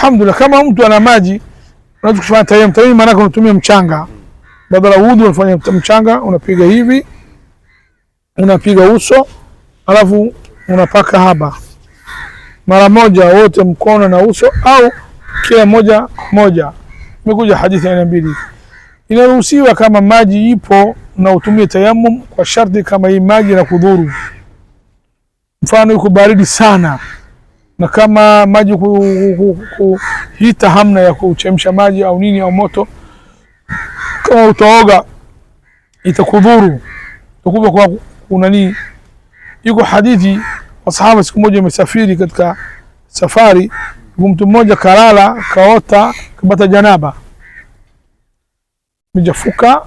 Alhamdulillah, kama mtu ana maji unaweza kufanya tayammu. Tayammu maana yake unatumia mchanga badala ya udhu, unafanya mchanga, unapiga hivi, unapiga uso, alafu unapaka haba mara moja wote, mkono na uso, au kila moja moja. Imekuja hadithi aina mbili. Inaruhusiwa kama maji ipo na utumie tayamum kwa sharti kama hii maji na kudhuru, mfano yuko baridi sana na kama maji kuhita hamna ya kuchemsha maji au nini au moto, kama utaoga itakudhuru utakuwa kwa kunani. Iko hadithi wasahaba, siku moja wamesafiri katika safari, mtu mmoja kalala, kaota, kabata janaba, mjafuka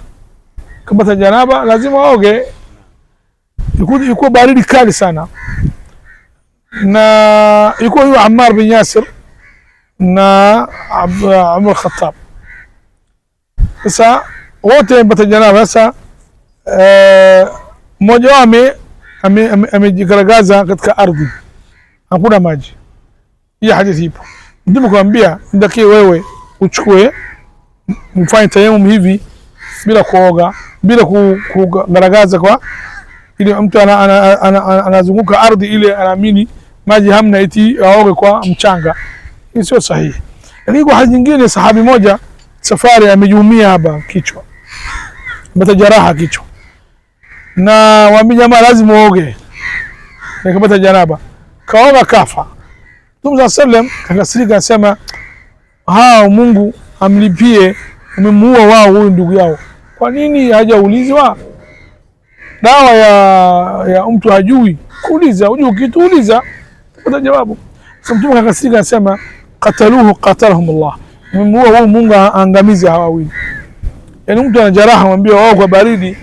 kabata janaba, lazima oge, ikuwa baridi kali sana na ilikuwa huyu Ammar bin Yasir na Umar Khattab. Sasa wote wamepata janaba. Sasa eh, mmoja wao amejigaragaza katika ardhi, hakuna maji. Hiyo hadithi ipo. Ndipo kuambia ndakie wewe uchukue mfanye tayamum hivi bila kuoga bila kugaragaza, kwa ili mtu anazunguka ardhi ile anaamini maji hamna eti waoge kwa mchanga, hii sio sahihi. Lakini kwa hali nyingine, sahabi moja safari amejiumia hapa kichwa, amepata jeraha kichwa, na waambia jamaa, lazima uoge, nikapata janaba, kaoga kafa. Mtume sallam kakasirika, asema hao Mungu amlipie, amemuua wao huyu ndugu yao. Kwa nini hajaulizwa dawa ya, ya mtu hajui kuuliza? Hujui kitu Sikupata jawabu. Sasa Mtume akakasirika, anasema qataluhu qatalahumullah, nimemuua huyu, Mungu aangamize hawa wawili. Yani mtu ana jeraha, mwambie wao kwa baridi,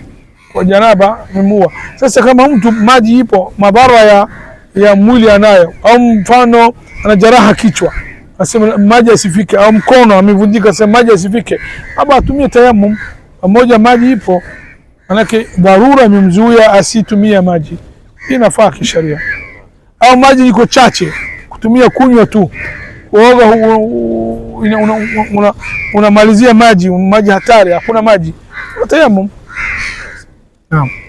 kwa janaba mmua. Sasa kama mtu maji ipo, mabara ya ya mwili anayo, au mfano ana jeraha kichwa, asema maji asifike, au mkono amevunjika, asema maji asifike, aba atumie tayammum, pamoja maji ipo, manake dharura imemzuia asitumia maji. Inafaa kisheria au maji niko chache kutumia kunywa tu. Uoga unamalizia una, una maji maji hatari, hakuna maji tayamum. Naam.